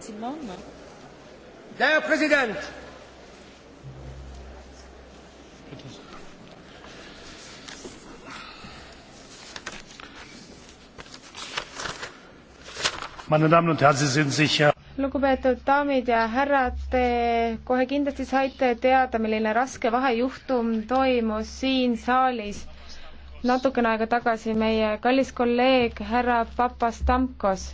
maximum. Der Präsident! Meine Damen und Herren, Sie sind sicher. lugupeetud daamid ja härrad, te kohe kindlasti saite teada, milline raske vahejuhtum toimus siin saalis natukene aega tagasi meie kallis kolleeg härra Papastamkos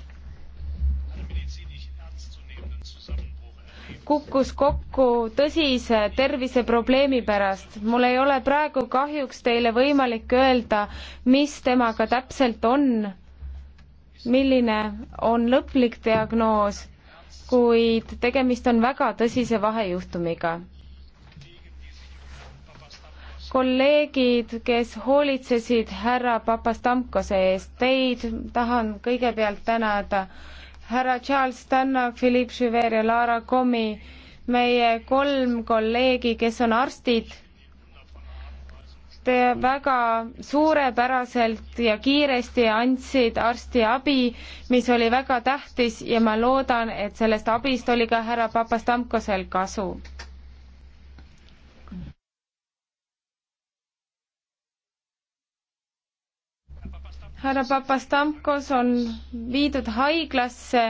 kukkus kokku tõsise terviseprobleemi pärast. mul ei ole praegu kahjuks teile võimalik öelda, mis temaga täpselt on, milline on lõplik diagnoos, kuid tegemist on väga tõsise vahejuhtumiga. kolleegid, kes hoolitsesid härra Papastamkose eest, teid tahan kõigepealt tänada härra Charles Tannock, Philippe Chiver ja Lara Comi, meie kolm kolleegi, kes on arstid, te väga suurepäraselt ja kiiresti andsid arstiabi, mis oli väga tähtis ja ma loodan, et sellest abist oli ka härra Papastamkosel kasu härra Papastamkos on viidud haiglasse.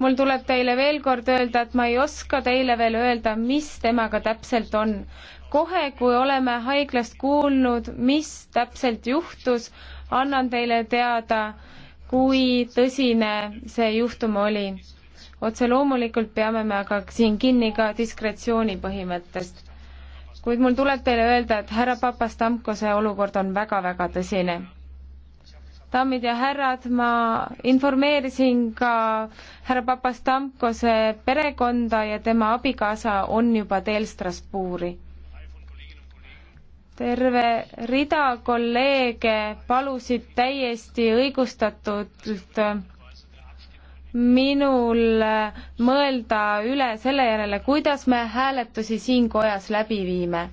mul tuleb teile veel kord öelda, et ma ei oska teile veel öelda, mis temaga täpselt on. kohe, kui oleme haiglast kuulnud, mis täpselt juhtus, annan teile teada, kui tõsine see juhtum oli. otse loomulikult peame me aga siin kinni ka diskretsiooni põhimõttest kuid mul tuleb teile öelda, et härra Papastamkose olukord on väga-väga tõsine daamid ja härrad, ma informeerisin ka härra Papastamkose perekonda ja tema abikaasa on juba teel Strasbourgi. terve rida kolleege palusid täiesti õigustatult minul mõelda üle selle järele, kuidas me hääletusi siin kojas läbi viime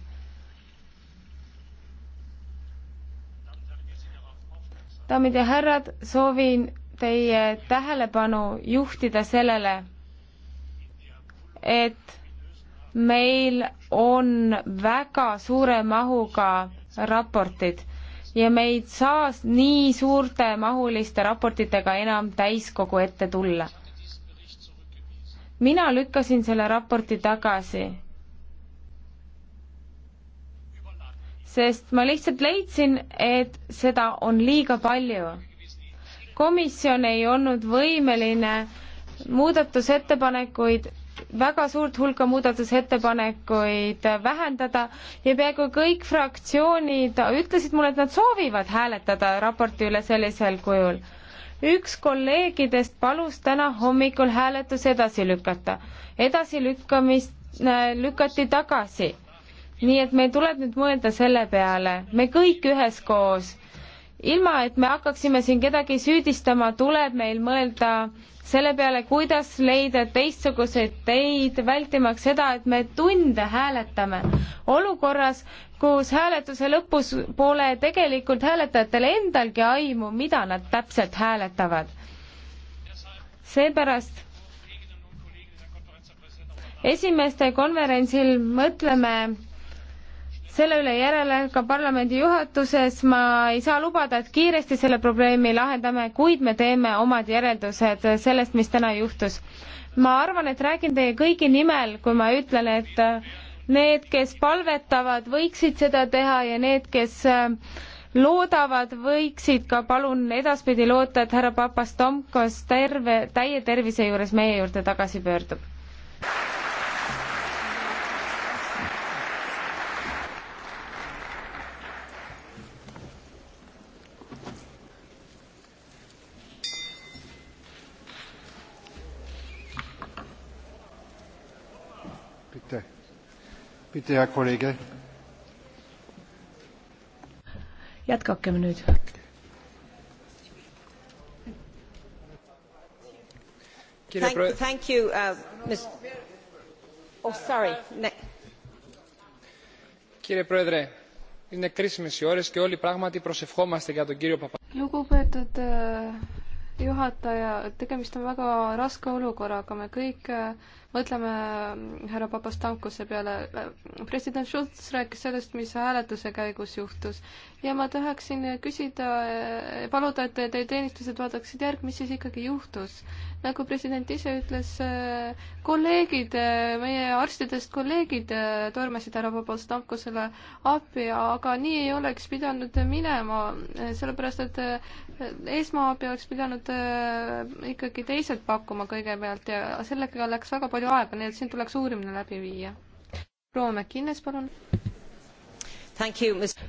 daamid ja härrad, soovin teie tähelepanu juhtida sellele, et meil on väga suure mahuga raportid ja me ei saa nii suurte mahuliste raportitega enam täiskogu ette tulla. mina lükkasin selle raporti tagasi sest ma lihtsalt leidsin, et seda on liiga palju. komisjon ei olnud võimeline muudatusettepanekuid, väga suurt hulka muudatusettepanekuid vähendada ja peaaegu kõik fraktsioonid ütlesid mulle, et nad soovivad hääletada raporti üle sellisel kujul. üks kolleegidest palus täna hommikul hääletus edasi lükata. edasilükkamist äh, lükati tagasi nii et meil tuleb nüüd mõelda selle peale, me kõik üheskoos, ilma et me hakkaksime siin kedagi süüdistama, tuleb meil mõelda selle peale, kuidas leida teistsuguseid teid, vältimaks seda, et me tunde hääletame olukorras, kus hääletuse lõpus pole tegelikult hääletajatel endalgi aimu, mida nad täpselt hääletavad. seepärast esimeste konverentsil mõtleme selle üle järele ka parlamendi juhatuses, ma ei saa lubada, et kiiresti selle probleemi lahendame, kuid me teeme omad järeldused sellest, mis täna juhtus. ma arvan, et räägin teie kõigi nimel, kui ma ütlen, et äh, need, kes palvetavad, võiksid seda teha ja need, kes äh, loodavad, võiksid ka palun edaspidi loota, et härra Papastomkos terve, täie tervise juures meie juurde tagasi pöördub hea kolleeg. jätkakem nüüd. Thank, thank you, uh, Ms. Oh, sorry. Ne Κύριε Πρόεδρε, είναι κρίσιμες οι ώρες και όλοι πράγματι προσευχόμαστε για τον κύριο Παπαδόπουλο juhataja, tegemist on väga raske olukorraga, me kõik äh, mõtleme äh, härra Papastankose peale. Äh, president Schultz rääkis sellest, mis hääletuse käigus juhtus ja ma tahaksin küsida, paluda, et teie teenistused vaadaksid järg, mis siis ikkagi juhtus nagu president ise ütles, äh, kolleegid, äh, meie arstidest kolleegid äh, tormasid härra Popolstamkosele appi, aga nii ei oleks pidanud minema, sellepärast et esmaabi oleks pidanud ikkagi teised pakkuma kõigepealt ja sellega läks väga palju aega, nii et siin tuleks uurimine läbi viia. proua Mäkinnes, palun.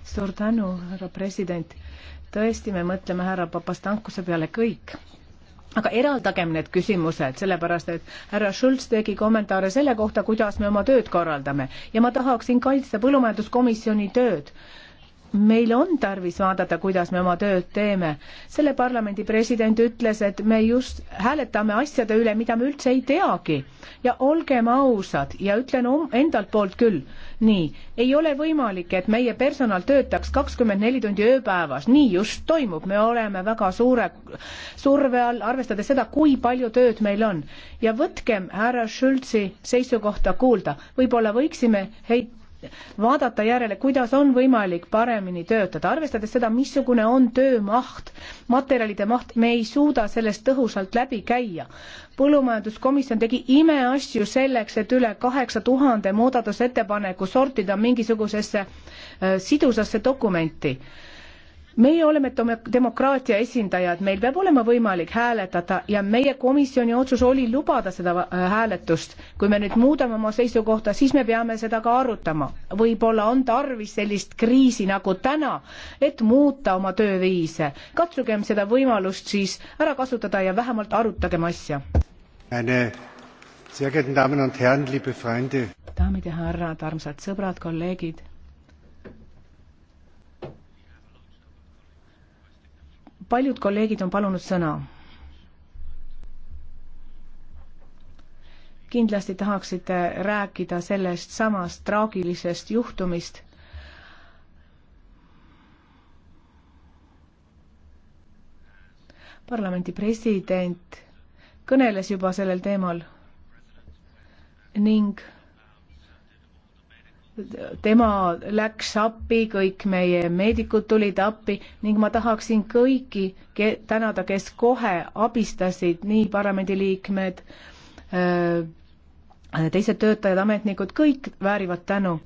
suur tänu, härra president. tõesti, me mõtleme härra Papastankose peale kõik aga eraldagem need küsimused, sellepärast et härra Schulz tegi kommentaare selle kohta, kuidas me oma tööd korraldame ja ma tahaksin kaitsta põllumajanduskomisjoni tööd meil on tarvis vaadata, kuidas me oma tööd teeme. selle parlamendi president ütles, et me just hääletame asjade üle, mida me üldse ei teagi. ja olgem ausad ja ütlen endalt poolt küll, nii, ei ole võimalik, et meie personal töötaks kakskümmend neli tundi ööpäevas, nii just toimub, me oleme väga suure surve all, arvestades seda, kui palju tööd meil on. ja võtkem härra Schultzi seisukohta kuulda, võib-olla võiksime heit-, vaadata järele, kuidas on võimalik paremini töötada, arvestades seda, missugune on töömaht, materjalide maht, me ei suuda sellest tõhusalt läbi käia. põllumajanduskomisjon tegi imeasju selleks, et üle kaheksa tuhande muudatusettepaneku sortida mingisugusesse äh, sidusasse dokumenti meie oleme demokraatia esindajad, meil peab olema võimalik hääletada ja meie komisjoni otsus oli lubada seda äh, hääletust. kui me nüüd muudame oma seisukohta, siis me peame seda ka arutama. võib-olla on tarvis sellist kriisi nagu täna, et muuta oma tööviise. katsugem seda võimalust siis ära kasutada ja vähemalt arutagem asja. daamid ja härrad, armsad sõbrad, kolleegid paljud kolleegid on palunud sõna. kindlasti tahaksite rääkida sellest samast traagilisest juhtumist parlamendi president kõneles juba sellel teemal ning tema läks appi, kõik meie meedikud tulid appi ning ma tahaksin kõiki ke tänada, kes kohe abistasid, nii parlamendiliikmed, äh, teised töötajad, ametnikud, kõik väärivad tänu.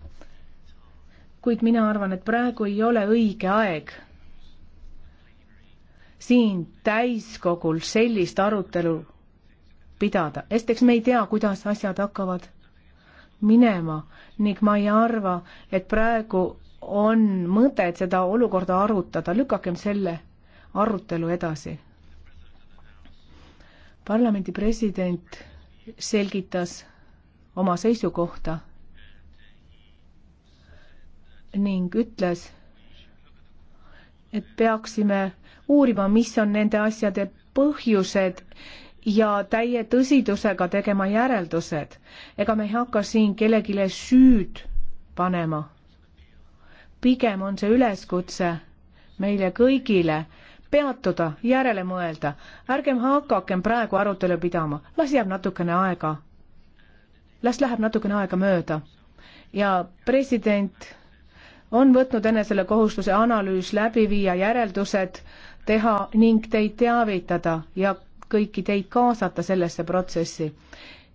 kuid mina arvan, et praegu ei ole õige aeg siin täiskogul sellist arutelu pidada, esiteks me ei tea, kuidas asjad hakkavad minema ning ma ei arva, et praegu on mõtet seda olukorda arutada, lükakem selle arutelu edasi. parlamendi president selgitas oma seisukohta ning ütles, et peaksime uurima, mis on nende asjade põhjused ja täie tõsidusega tegema järeldused. ega me ei hakka siin kellelegi süüd panema. pigem on see üleskutse meile kõigile peatuda, järele mõelda, ärgem hakakem praegu arutelu pidama, las jääb natukene aega. las läheb natukene aega mööda ja president on võtnud enesele kohustuse analüüs läbi viia, järeldused teha ning teid teavitada ja kõiki teid kaasata sellesse protsessi.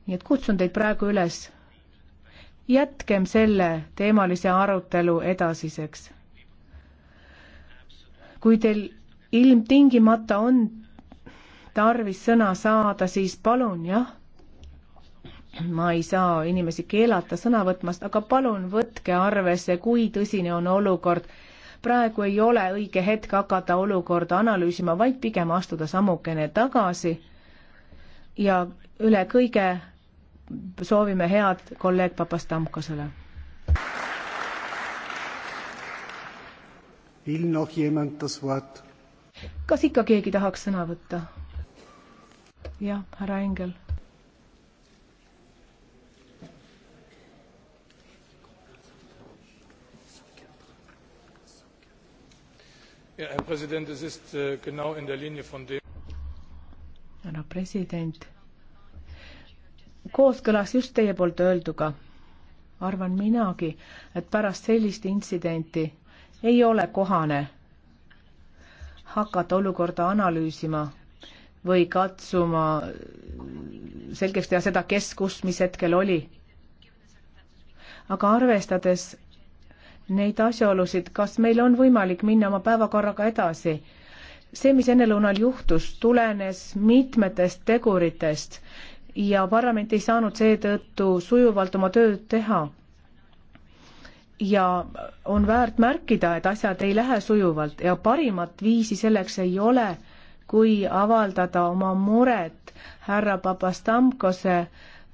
nii et kutsun teid praegu üles, jätkem selle teemalise arutelu edasiseks. kui teil ilmtingimata on tarvis sõna saada, siis palun, jah, ma ei saa inimesi keelata sõna võtmast, aga palun võtke arvesse, kui tõsine on olukord praegu ei ole õige hetk hakata olukorda analüüsima, vaid pigem astuda sammukene tagasi ja üle kõige soovime head kolleeg Papastamkosele. kas ikka keegi tahaks sõna võtta? jah, härra Engel Präsident, es ist äh, genau in der Linie von dem. härra president, kooskõlas just teie poolt öelduga arvan minagi, et pärast sellist intsidenti ei ole kohane hakata olukorda analüüsima või katsuma selgeks teha seda, kes kus mis hetkel oli. aga arvestades neid asjaolusid, kas meil on võimalik minna oma päevakorraga edasi. see, mis ennelõunal juhtus, tulenes mitmetest teguritest ja parlament ei saanud seetõttu sujuvalt oma tööd teha. ja on väärt märkida, et asjad ei lähe sujuvalt ja parimat viisi selleks ei ole, kui avaldada oma muret härra Papastamkose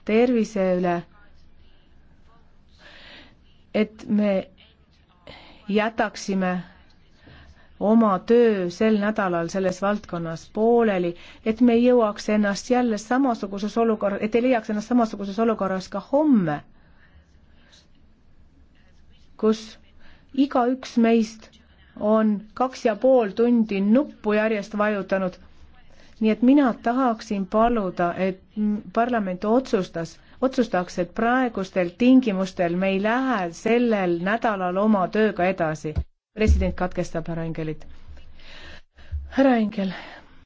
tervise üle, et me jätaksime oma töö sel nädalal selles valdkonnas pooleli, et me ei jõuaks ennast jälle samasuguses olukorras, et ei leiaks ennast samasuguses olukorras ka homme, kus igaüks meist on kaks ja pool tundi nuppu järjest vajutanud. nii et mina tahaksin paluda, et parlament otsustas, otsustaks, et praegustel tingimustel me ei lähe sellel nädalal oma tööga edasi. president katkestab härra Engelit. härra Engel,